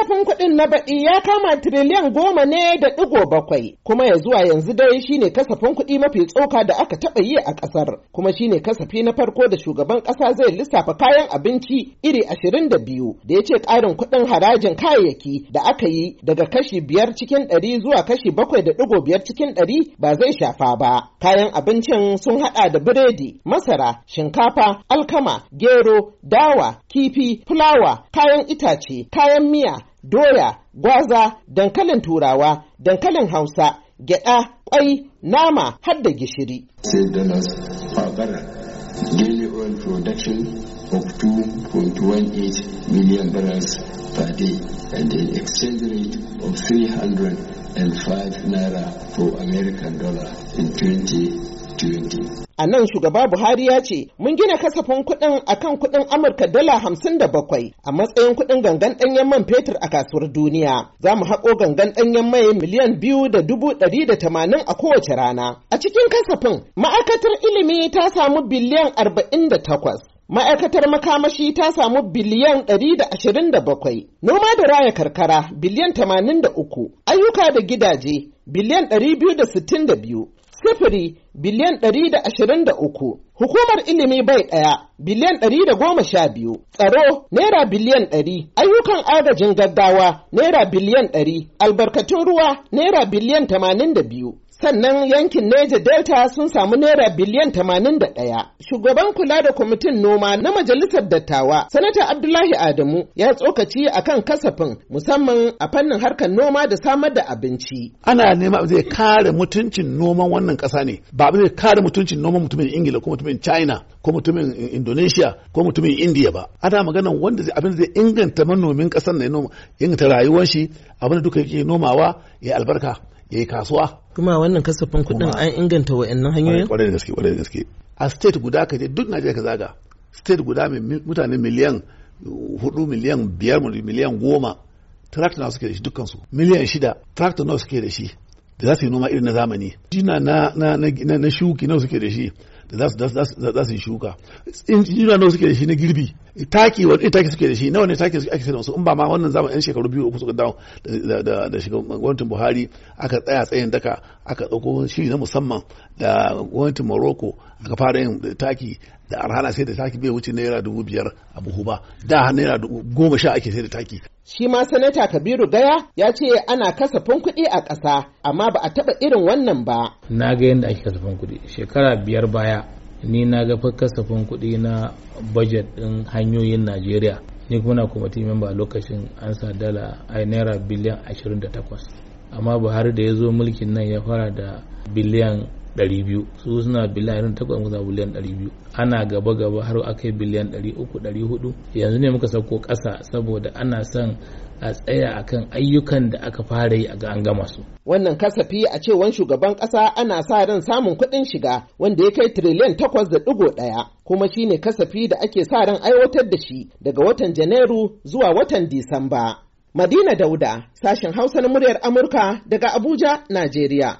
kasafin kuɗin na baɗi ya kama tiriliyan goma ne da ɗigo bakwai kuma ya zuwa yanzu dai shine kasafin kuɗi mafi tsoka da aka taɓa yi a ƙasar kuma shine kasafi na farko da shugaban ƙasa zai lissafa kayan abinci iri ashirin da biyu da ya ce ƙarin kuɗin harajin kayayyaki da aka yi daga kashi biyar cikin ɗari zuwa kashi bakwai da ɗigo biyar cikin ɗari ba zai shafa ba kayan abincin sun haɗa da biredi masara shinkafa alkama gero dawa kifi fulawa kayan itace kayan miya doya, gwaza, dankalin turawa, dankalin hausa, gyada, kwai, nama har da gishiri. Daily oil production of 2.18 million barrels per day and an exchange rate of 305 naira for American dollar in 20 A nan shugaba Buhari ya ce, mun gina kasafin kuɗin kan kuɗin Amurka dala hamsin da bakwai a matsayin kuɗin gangan ɗanyen man fetur a kasuwar duniya. Za mu haƙo gangan ɗanyen mai miliyan biyu da dubu ɗari da tamanin a kowace rana. A cikin kasafin, ma'aikatar ilimi ta samu biliyan arba'in da takwas. ma'aikatar makamashi ta samu biliyan ɗari da da ashirin bakwai, noma da raya karkara biliyan tamanin da uku, ayyuka da gidaje biliyan da biyu. sifiri biliyan da da ashirin uku. hukumar ilimi bai ɗaya biliyan da goma sha biyu. tsaro naira biliyan 100 ayyukan agajin gaggawa naira biliyan 100 albarkatun ruwa naira biliyan tamanin da biyu. sannan yankin Neja Delta sun samu naira biliyan tamanin da ɗaya. Shugaban kula da kwamitin noma na majalisar dattawa, Sanata Abdullahi Adamu ya tsokaci a kan kasafin musamman a fannin harkar noma da samar da abinci. Ana nema abin zai kare mutuncin noman wannan ƙasa ne, ba abin zai kare mutuncin noman mutumin Ingila ko mutumin China ko mutumin Indonesia ko mutumin India ba. Ana maganan wanda abin zai inganta manomin na noma, inganta rayuwar shi abin da duka yake nomawa ya albarka. ya yi kasuwa kuma wannan kasafin kuɗin an inganta wa'annan hanyoyin kwarai da gaske kwarai da gaske a state guda ka je duk najeriya ka zaga state guda mai mutane miliyan hudu miliyan biyar miliyan goma tractor nawa suke da shi dukkansu miliyan shida tractor nawa suke da shi da za su yi noma irin na zamani jina na na, shuki nawa suke da shi da za su yi shuka injina nawa suke da shi na girbi taki wani taki suke da shi nawa ne taki ake sayar da wasu in ba ma wannan zaman yan shekaru biyu uku suka dawo da shiga gwamnatin Buhari aka tsaya tsayin daka aka ɗauko shiri na musamman da gwamnatin Morocco aka fara yin taki da arhala sai da taki bai wuce naira dubu biyar a buhu ba da naira goma sha ake sai da taki. shi ma sanata kabiru gaya ya ce ana kasafin kuɗi a ƙasa amma ba a taɓa irin wannan ba. na ga yadda ake kasafin kuɗi shekara biyar baya ni na ga kasafin kuɗi na bajet ɗin hanyoyin najeriya ni kuma na kwamiti ba lokacin an sa dala a naira biliyan ashirin da takwas. amma buhari da ya zo mulkin nan ya fara da biliyan 200 su suna biliyan irin takwas biliyan 200 ana gaba gaba har akai biliyan 300 400 yanzu ne muka sauko ƙasa saboda ana son a tsaya akan ayyukan da aka fara yi a ga an gama su. Wannan kasafi a cewan shugaban ƙasa ana sa ran samun kuɗin shiga wanda ya kai tiriliyan takwas da ɗigo ɗaya kuma shine kasafi da ake sa ran aiwatar da shi daga watan Janairu zuwa watan Disamba. Madina Dauda, sashen Hausa na muryar Amurka daga Abuja, Najeriya.